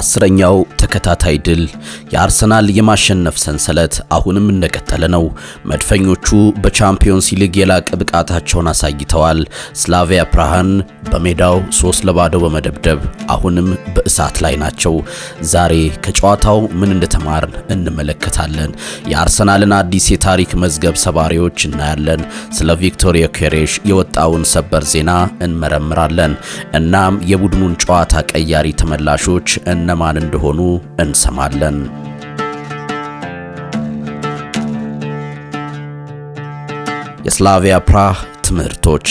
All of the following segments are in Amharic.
አስረኛው ተከታታይ ድል የአርሰናል የማሸነፍ ሰንሰለት አሁንም እንደቀጠለ ነው። መድፈኞቹ በቻምፒዮንስ ሊግ የላቀ ብቃታቸውን አሳይተዋል። ስላቪያ ፕራሃን በሜዳው ሶስት ለባዶ በመደብደብ አሁንም በእሳት ላይ ናቸው። ዛሬ ከጨዋታው ምን እንደተማርን እንመለከታለን። የአርሰናልን አዲስ የታሪክ መዝገብ ሰባሪዎች እናያለን። ስለ ቪክቶሪያ ኬሬሽ የወጣውን ሰበር ዜና እንመረምራለን። እናም የቡድኑን ጨዋታ ቀያሪ ተመላሾች እና እነማን እንደሆኑ እንሰማለን። የስላቪያ ፕራህ ትምህርቶች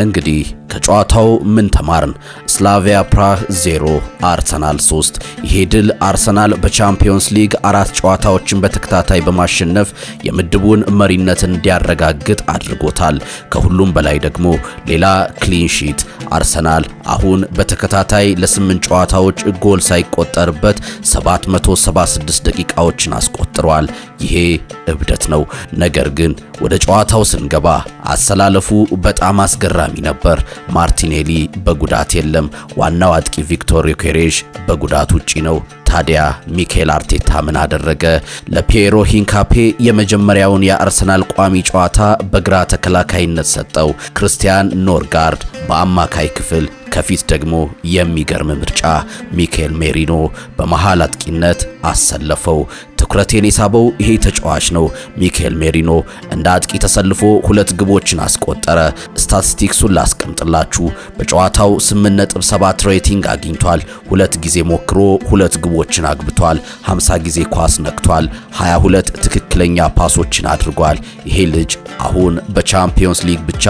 እንግዲህ ከጨዋታው ምን ተማርን? ስላቪያ ፕራህ 0 አርሰናል 3። ይሄ ድል አርሰናል በቻምፒዮንስ ሊግ አራት ጨዋታዎችን በተከታታይ በማሸነፍ የምድቡን መሪነት እንዲያረጋግጥ አድርጎታል። ከሁሉም በላይ ደግሞ ሌላ ክሊንሺት። አርሰናል አሁን በተከታታይ ለስምንት ጨዋታዎች ጎል ሳይቆጠርበት 776 ደቂቃዎችን አስቆጥሯል። ይሄ እብደት ነው። ነገር ግን ወደ ጨዋታው ስንገባ አሰላለፉ በጣም አስገራሚ ነበር። ማርቲኔሊ በጉዳት የለም። ዋናው አጥቂ ቪክቶር ዮኬሬሽ በጉዳት ውጪ ነው። ታዲያ ሚኬል አርቴታ ምን አደረገ? ለፒየሮ ሂንካፔ የመጀመሪያውን የአርሰናል ቋሚ ጨዋታ በግራ ተከላካይነት ሰጠው። ክርስቲያን ኖርጋርድ በአማካይ ክፍል ከፊት ደግሞ የሚገርም ምርጫ ሚኬል ሜሪኖ በመሃል አጥቂነት አሰለፈው። ትኩረቴን የሳበው ይሄ ተጫዋች ነው። ሚካኤል ሜሪኖ እንደ አጥቂ ተሰልፎ ሁለት ግቦችን አስቆጠረ። ስታትስቲክሱን ላስቀምጥላችሁ። በጨዋታው 8.7 ሬቲንግ አግኝቷል። ሁለት ጊዜ ሞክሮ ሁለት ግቦችን አግብቷል። 50 ጊዜ ኳስ ነክቷል። 22 ትክክለኛ ፓሶችን አድርጓል። ይሄ ልጅ አሁን በቻምፒዮንስ ሊግ ብቻ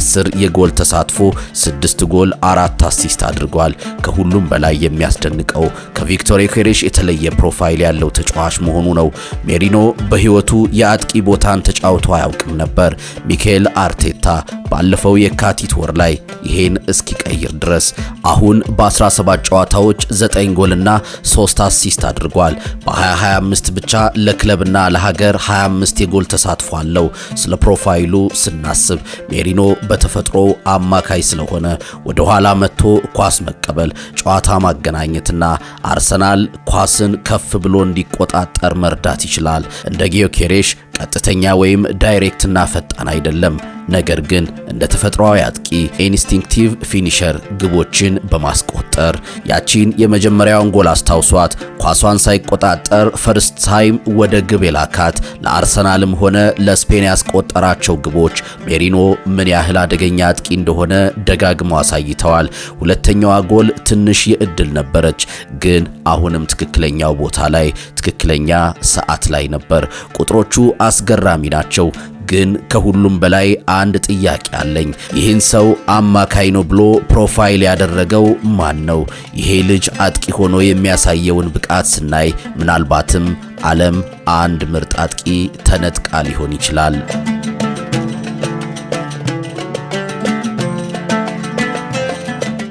10 የጎል ተሳትፎ 6 ጎል፣ 4 አሲስት አድርጓል። ከሁሉም በላይ የሚያስደንቀው ከቪክቶር ዮኬሬሽ የተለየ ፕሮፋይል ያለው ተጫዋች መሆኑ መሆኑ ነው። ሜሪኖ በህይወቱ የአጥቂ ቦታን ተጫውቶ አያውቅም ነበር። ሚኬል አርቴታ ባለፈው የካቲት ወር ላይ ይሄን እስኪቀይር ድረስ አሁን በ17 ጨዋታዎች 9 ጎልና 3 አሲስት አድርጓል። በ2025 ብቻ ለክለብና ለሀገር 25 የጎል ተሳትፎ አለው። ስለ ፕሮፋይሉ ስናስብ ሜሪኖ በተፈጥሮ አማካይ ስለሆነ ወደ ኋላ መጥቶ ኳስ መቀበል፣ ጨዋታ ማገናኘትና አርሰናል ኳስን ከፍ ብሎ እንዲቆጣጠር መርዳት ይችላል። እንደ ጊዮኬሬሽ ቀጥተኛ ወይም ዳይሬክትና ፈጣን አይደለም። ነገር ግን እንደ ተፈጥሯዊ አጥቂ ኢንስቲንክቲቭ ፊኒሸር ግቦችን በማስቆጠር ያቺን የመጀመሪያውን ጎል አስታውሷት ኳሷን ሳይቆጣጠር ፈርስት ታይም ወደ ግብ የላካት ለአርሰናልም ሆነ ለስፔን ያስቆጠራቸው ግቦች ሜሪኖ ምን ያህል አደገኛ አጥቂ እንደሆነ ደጋግመው አሳይተዋል። ሁለተኛዋ ጎል ትንሽ የእድል ነበረች፣ ግን አሁንም ትክክለኛው ቦታ ላይ ትክክለኛ ሰዓት ላይ ነበር። ቁጥሮቹ አስገራሚ ናቸው። ግን ከሁሉም በላይ አንድ ጥያቄ አለኝ። ይህን ሰው አማካይ ነው ብሎ ፕሮፋይል ያደረገው ማን ነው? ይሄ ልጅ አጥቂ ሆኖ የሚያሳየውን ብቃት ስናይ ምናልባትም ዓለም አንድ ምርጥ አጥቂ ተነጥቃ ሊሆን ይችላል።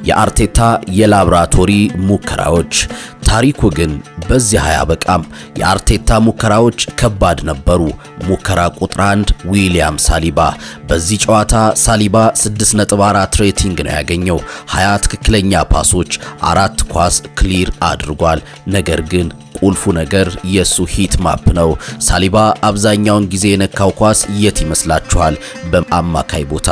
የአርቴታ የላብራቶሪ ሙከራዎች ታሪኩ ግን በዚህ አያበቃም። የአርቴታ ሙከራዎች ከባድ ነበሩ። ሙከራ ቁጥር አንድ ዊሊያም ሳሊባ። በዚህ ጨዋታ ሳሊባ 6.4 ሬቲንግ ነው ያገኘው። 20 ትክክለኛ ፓሶች፣ አራት ኳስ ክሊር አድርጓል። ነገር ግን ቁልፉ ነገር የሱ ሂት ማፕ ነው። ሳሊባ አብዛኛውን ጊዜ የነካው ኳስ የት ይመስላችኋል? በአማካይ ቦታ።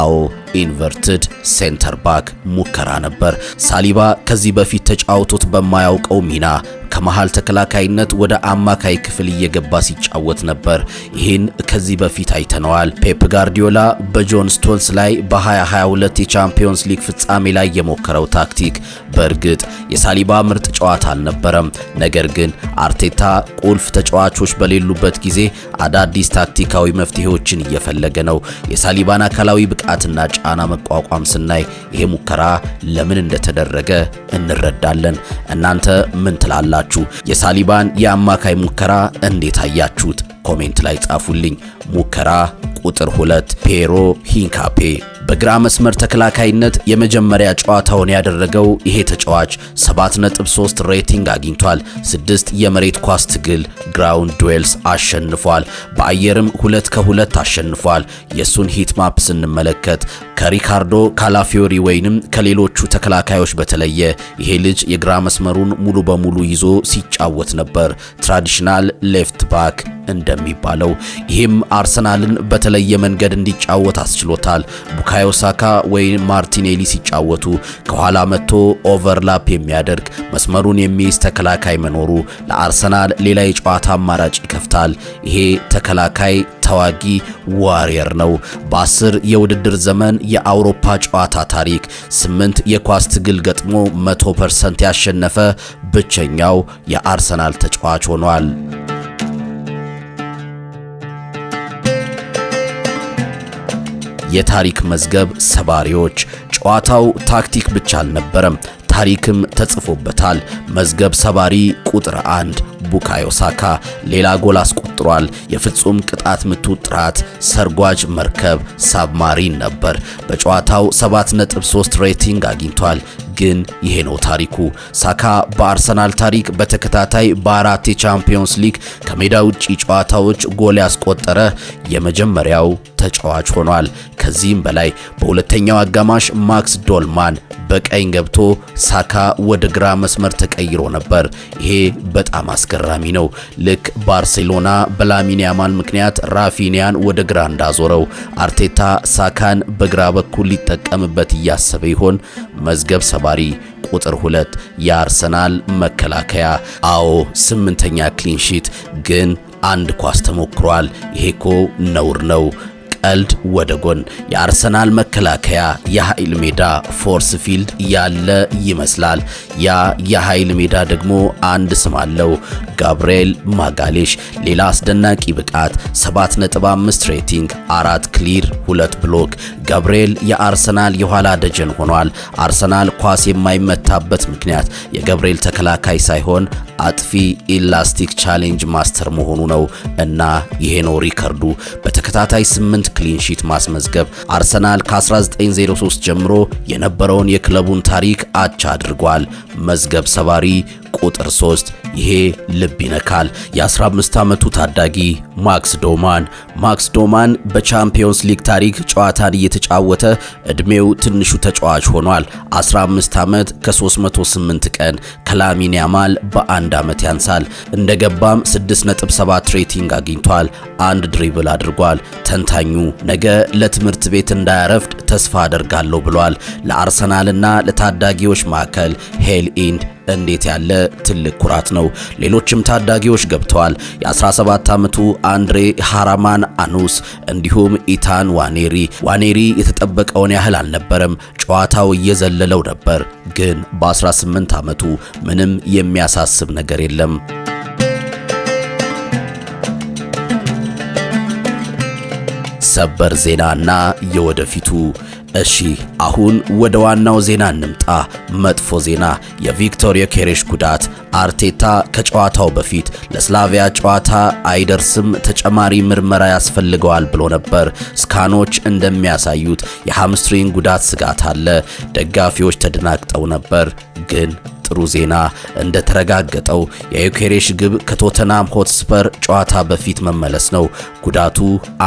አዎ ኢንቨርትድ ሴንተር ባክ ሙከራ ነበር። ሳሊባ ከዚህ በፊት ተጫውቶት በማያውቀው ሚና ከመሃል ተከላካይነት ወደ አማካይ ክፍል እየገባ ሲጫወት ነበር። ይህን ከዚህ በፊት አይተነዋል። ፔፕ ጋርዲዮላ በጆን ስቶንስ ላይ በ2022 የቻምፒዮንስ ሊግ ፍጻሜ ላይ የሞከረው ታክቲክ በእርግጥ የሳሊባ ምርጥ ጨዋታ አልነበረም። ነገር ግን አርቴታ ቁልፍ ተጫዋቾች በሌሉበት ጊዜ አዳዲስ ታክቲካዊ መፍትሄዎችን እየፈለገ ነው። የሳሊባን አካላዊ ብቃትና ጫና መቋቋም ስናይ ይሄ ሙከራ ለምን እንደተደረገ እንረዳለን። እናንተ ምን ትላላችሁ? ትችላላችሁ። የሳሊባን የአማካይ ሙከራ እንዴት አያችሁት? ኮሜንት ላይ ጻፉልኝ። ሙከራ ቁጥር ሁለት ፔሮ ሂንካፔ በግራ መስመር ተከላካይነት የመጀመሪያ ጨዋታውን ያደረገው ይሄ ተጫዋች 7.3 ሬቲንግ አግኝቷል። ስድስት የመሬት ኳስ ትግል ግራውንድ ዱዌልስ አሸንፏል። በአየርም ሁለት ከሁለት አሸንፏል። የሱን ሂት ማፕ ስንመለከት ከሪካርዶ ካላፊዮሪ ወይንም ከሌሎቹ ተከላካዮች በተለየ ይሄ ልጅ የግራ መስመሩን ሙሉ በሙሉ ይዞ ሲጫወት ነበር። ትራዲሽናል ሌፍት ባክ እንደሚባለው። ይህም አርሰናልን በተለየ መንገድ እንዲጫወት አስችሎታል። ቡካዮ ሳካ ወይም ማርቲኔሊ ሲጫወቱ ከኋላ መጥቶ ኦቨርላፕ የሚያደርግ መስመሩን የሚይዝ ተከላካይ መኖሩ ለአርሰናል ሌላ የጨዋታ አማራጭ ይከፍታል። ይሄ ተከላካይ ተዋጊ ዋሪየር ነው። በአስር የውድድር ዘመን የአውሮፓ ጨዋታ ታሪክ ስምንት የኳስ ትግል ገጥሞ ፐርሰንት ያሸነፈ ብቸኛው የአርሰናል ተጫዋች ሆኗል። የታሪክ መዝገብ ሰባሪዎች። ጨዋታው ታክቲክ ብቻ አልነበረም፣ ታሪክም ተጽፎበታል። መዝገብ ሰባሪ ቁጥር አንድ ቡካዮ ሳካ ሌላ ጎል አስቆጥሯል። የፍጹም ቅጣት ምቱ ጥራት ሰርጓጅ መርከብ ሳብማሪን ነበር። በጨዋታው 7.3 ሬቲንግ አግኝቷል። ግን ይሄ ነው ታሪኩ። ሳካ በአርሰናል ታሪክ በተከታታይ በአራት የቻምፒዮንስ ሊግ ከሜዳ ውጪ ጨዋታዎች ጎል ያስቆጠረ የመጀመሪያው ተጫዋች ሆኗል። ከዚህም በላይ በሁለተኛው አጋማሽ ማክስ ዶልማን በቀኝ ገብቶ ሳካ ወደ ግራ መስመር ተቀይሮ ነበር። ይሄ በጣም አስገራሚ ነው። ልክ ባርሴሎና በላሚን ያማል ምክንያት ራፊኒያን ወደ ግራ እንዳዞረው አርቴታ ሳካን በግራ በኩል ሊጠቀምበት እያሰበ ይሆን? መዝገብ ሰባሪ ቁጥር ሁለት የአርሰናል መከላከያ። አዎ ስምንተኛ ክሊንሺት ግን አንድ ኳስ ተሞክሯል። ይሄኮ ነውር ነው። ቀልድ ወደ ጎን የአርሰናል መከላከያ የኃይል ሜዳ ፎርስ ፊልድ ያለ ይመስላል። ያ የኃይል ሜዳ ደግሞ አንድ ስም አለው፣ ጋብርኤል ማጋሌሽ። ሌላ አስደናቂ ብቃት 7.5 ሬቲንግ፣ 4 ክሊር፣ 2 ብሎክ። ገብርኤል የአርሰናል የኋላ ደጀን ሆኗል። አርሰናል ኳስ የማይመታበት ምክንያት የገብርኤል ተከላካይ ሳይሆን አጥፊ ኢላስቲክ ቻሌንጅ ማስተር መሆኑ ነው እና ይሄ ነው ሪከርዱ በተከታታይ 8 ክሊንሺት ማስመዝገብ አርሰናል ከ1903 ጀምሮ የነበረውን የክለቡን ታሪክ አቻ አድርጓል። መዝገብ ሰባሪ ቁጥር 3 ይሄ ልብ ይነካል። የ15 ዓመቱ ታዳጊ ማክስ ዶማን ማክስ ዶማን በቻምፒዮንስ ሊግ ታሪክ ጨዋታን እየተጫወተ እድሜው ትንሹ ተጫዋች ሆኗል። 15 ዓመት ከ308 ቀን ከላሚን ያማል በአንድ ዓመት ያንሳል። እንደገባም 6.7 ሬቲንግ አግኝቷል። አንድ ድሪብል አድርጓል። ተንታኙ ነገ ለትምህርት ቤት እንዳያረፍድ ተስፋ አደርጋለሁ ብሏል። ለአርሰናልና ለታዳጊዎች ማዕከል ሄል ኢንድ እንዴት ያለ ትልቅ ኩራት ነው! ሌሎችም ታዳጊዎች ገብተዋል። የ17 ዓመቱ አንድሬ ሃራማን አኑስ እንዲሁም ኢታን ዋኔሪ። ዋኔሪ የተጠበቀውን ያህል አልነበረም። ጨዋታው እየዘለለው ነበር፣ ግን በ18 ዓመቱ ምንም የሚያሳስብ ነገር የለም። ሰበር ዜና እና የወደፊቱ እሺ አሁን ወደ ዋናው ዜና እንምጣ። መጥፎ ዜና የቪክቶር ዮኬሬሽ ጉዳት። አርቴታ ከጨዋታው በፊት ለስላቪያ ጨዋታ አይደርስም፣ ተጨማሪ ምርመራ ያስፈልገዋል ብሎ ነበር። ስካኖች እንደሚያሳዩት የሃምስትሪንግ ጉዳት ስጋት አለ። ደጋፊዎች ተደናግጠው ነበር ግን ጥሩ ዜና እንደተረጋገጠው የዩኬሬሽ ግብ ከቶተናም ሆትስፐር ጨዋታ በፊት መመለስ ነው። ጉዳቱ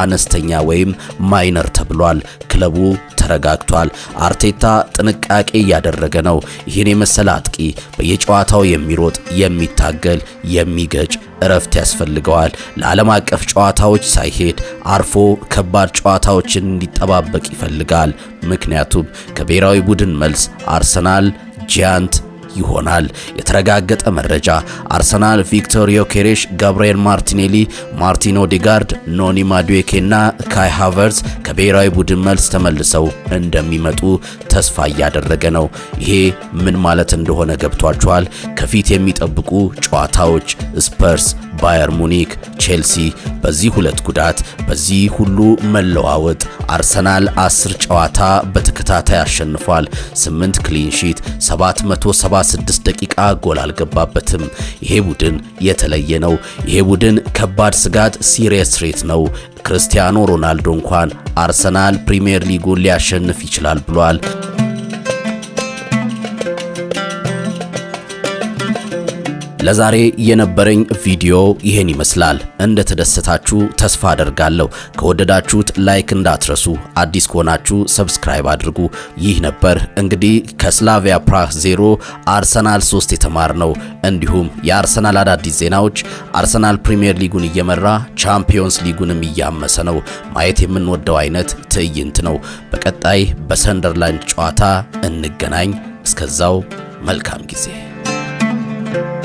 አነስተኛ ወይም ማይነር ተብሏል። ክለቡ ተረጋግቷል። አርቴታ ጥንቃቄ እያደረገ ነው። ይህን የመሰለ አጥቂ በየጨዋታው የሚሮጥ የሚታገል፣ የሚገጭ እረፍት ያስፈልገዋል። ለዓለም አቀፍ ጨዋታዎች ሳይሄድ አርፎ ከባድ ጨዋታዎችን እንዲጠባበቅ ይፈልጋል። ምክንያቱም ከብሔራዊ ቡድን መልስ አርሰናል ጂያንት ይሆናል። የተረጋገጠ መረጃ አርሰናል ቪክቶር ዮኬሬሽ፣ ጋብርኤል ማርቲኔሊ፣ ማርቲን ኦዴጋርድ፣ ኖኒ እና ካይ ሃቨርስ ከብሔራዊ ቡድን መልስ ተመልሰው እንደሚመጡ ተስፋ እያደረገ ነው። ይሄ ምን ማለት እንደሆነ ገብቷችኋል። ከፊት የሚጠብቁ ጨዋታዎች ስፐርስ ባየር ሙኒክ፣ ቼልሲ በዚህ ሁለት ጉዳት በዚህ ሁሉ መለዋወጥ አርሰናል 10 ጨዋታ በተከታታይ አሸንፏል። 8 ክሊን ሺት፣ 776 ደቂቃ ጎል አልገባበትም። ይሄ ቡድን የተለየ ነው። ይሄ ቡድን ከባድ ስጋት ሲሪየስ ሬት ነው። ክርስቲያኖ ሮናልዶ እንኳን አርሰናል ፕሪሚየር ሊጉን ሊያሸንፍ ይችላል ብሏል። ለዛሬ የነበረኝ ቪዲዮ ይሄን ይመስላል። እንደተደሰታችሁ ተስፋ አደርጋለሁ። ከወደዳችሁት ላይክ እንዳትረሱ፣ አዲስ ከሆናችሁ ሰብስክራይብ አድርጉ። ይህ ነበር እንግዲህ ከስላቪያ ፕራህ 0 አርሰናል 3 የተማርነው። እንዲሁም የአርሰናል አዳዲስ ዜናዎች፣ አርሰናል ፕሪሚየር ሊጉን እየመራ ቻምፒዮንስ ሊጉንም እያመሰ ነው። ማየት የምንወደው አይነት ትዕይንት ነው። በቀጣይ በሰንደርላንድ ጨዋታ እንገናኝ። እስከዛው መልካም ጊዜ